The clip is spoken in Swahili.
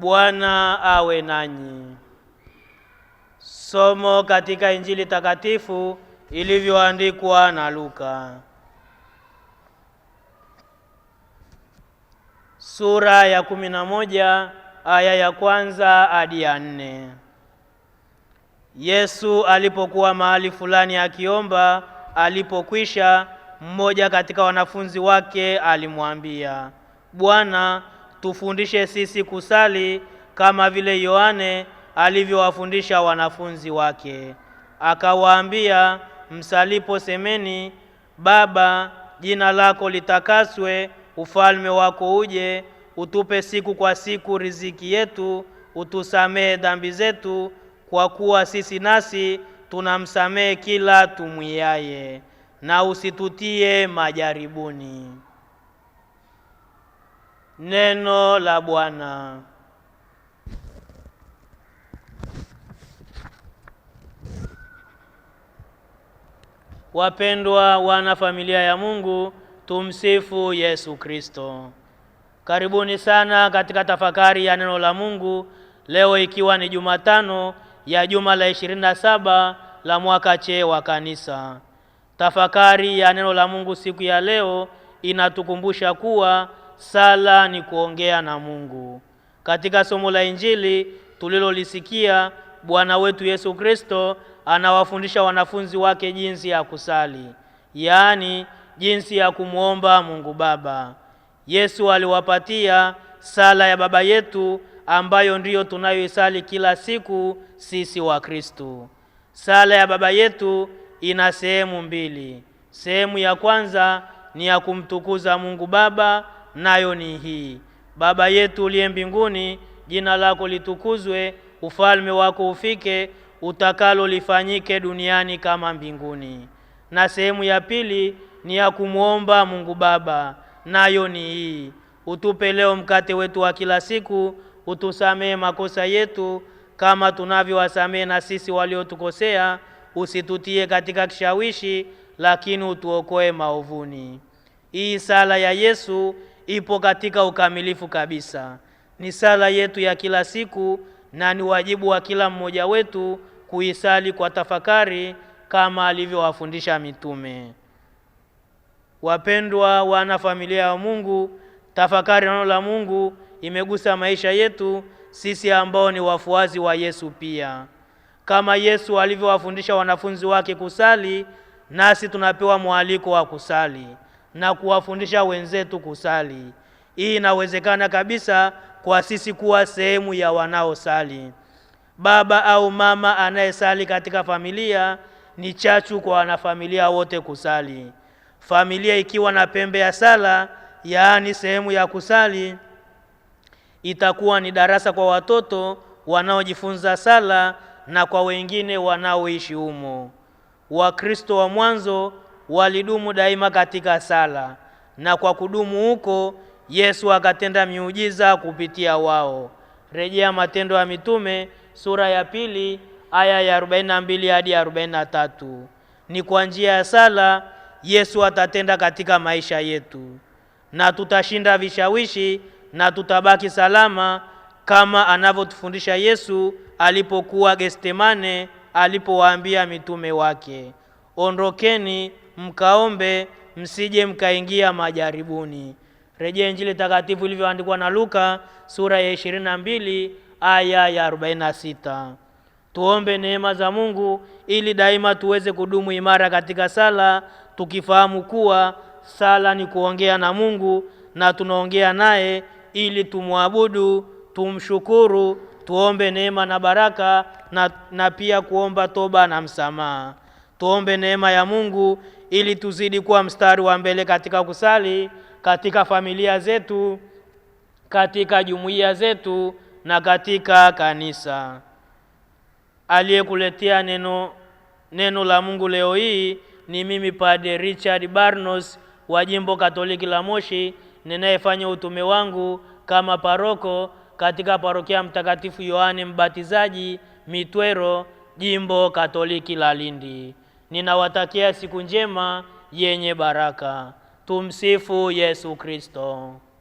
Bwana awe nanyi. Somo katika Injili takatifu ilivyoandikwa na Luka. Sura ya kumi na moja aya ya kwanza hadi ya nne. Yesu alipokuwa mahali fulani akiomba, alipokwisha, mmoja katika wanafunzi wake alimwambia, Bwana tufundishe sisi kusali kama vile Yohane alivyowafundisha wanafunzi wake, akawaambia, msalipo semeni, Baba, jina lako litakaswe, ufalme wako uje, utupe siku kwa siku riziki yetu, utusamehe dhambi zetu, kwa kuwa sisi nasi tunamsamehe kila tumwiaye, na usitutie majaribuni. Neno la Bwana. Wapendwa wana familia ya Mungu, tumsifu Yesu Kristo. Karibuni sana katika tafakari ya neno la Mungu leo, ikiwa ni Jumatano ya juma la 27 la mwaka C wa Kanisa. Tafakari ya neno la Mungu siku ya leo inatukumbusha kuwa sala ni kuongea na Mungu. Katika somo la Injili tulilolisikia, Bwana wetu Yesu Kristo anawafundisha wanafunzi wake jinsi ya kusali, yaani jinsi ya kumwomba Mungu Baba. Yesu aliwapatia sala ya Baba yetu ambayo ndiyo tunayoisali kila siku sisi wa Kristo. Sala ya Baba yetu ina sehemu mbili. Sehemu ya kwanza ni ya kumtukuza Mungu Baba nayo ni hii: Baba yetu uliye mbinguni, jina lako litukuzwe, ufalme wako ufike, utakalo lifanyike duniani kama mbinguni. Na sehemu ya pili ni ya kumwomba Mungu Baba, nayo ni hii: utupe leo mkate wetu wa kila siku, utusamehe makosa yetu kama tunavyowasamehe na sisi waliotukosea, usitutie katika kishawishi, lakini utuokoe maovuni. Hii sala ya Yesu ipo katika ukamilifu kabisa. Ni sala yetu ya kila siku na ni wajibu wa kila mmoja wetu kuisali kwa tafakari kama alivyowafundisha mitume. Wapendwa wana familia wa Mungu, tafakari neno la Mungu imegusa maisha yetu sisi ambao ni wafuazi wa Yesu pia. Kama Yesu alivyowafundisha wanafunzi wake kusali, nasi tunapewa mwaliko wa kusali na kuwafundisha wenzetu kusali. Hii inawezekana kabisa kwa sisi kuwa sehemu ya wanaosali. Baba au mama anayesali katika familia ni chachu kwa wanafamilia wote kusali. Familia ikiwa na pembe ya sala, yaani sehemu ya kusali, itakuwa ni darasa kwa watoto wanaojifunza sala na kwa wengine wanaoishi humo. Wakristo wa mwanzo walidumu daima katika sala, na kwa kudumu huko Yesu akatenda miujiza kupitia wao. Rejea Matendo ya Mitume sura ya pili aya ya 42 hadi 43. Ni kwa njia ya sala Yesu atatenda katika maisha yetu na tutashinda vishawishi na tutabaki salama kama anavyotufundisha Yesu alipokuwa Getsemane alipowaambia mitume wake, ondokeni mkaombe msije mkaingia majaribuni. Rejea Injili takatifu ilivyoandikwa na Luka sura ya 22 aya ya 46. Tuombe neema za Mungu ili daima tuweze kudumu imara katika sala, tukifahamu kuwa sala ni kuongea na Mungu na tunaongea naye ili tumwabudu, tumshukuru, tuombe neema na baraka na, na pia kuomba toba na msamaha. Tuombe neema ya Mungu ili tuzidi kuwa mstari wa mbele katika kusali, katika familia zetu, katika jumuiya zetu na katika kanisa. Aliyekuletea neno neno la Mungu leo hii ni mimi Padre Richard Barnos wa Jimbo Katoliki la Moshi ninayefanya utume wangu kama paroko katika parokia Mtakatifu Yohane Mbatizaji Mitwero, Jimbo Katoliki la Lindi ninawatakia siku njema yenye baraka. Tumsifu Yesu Kristo.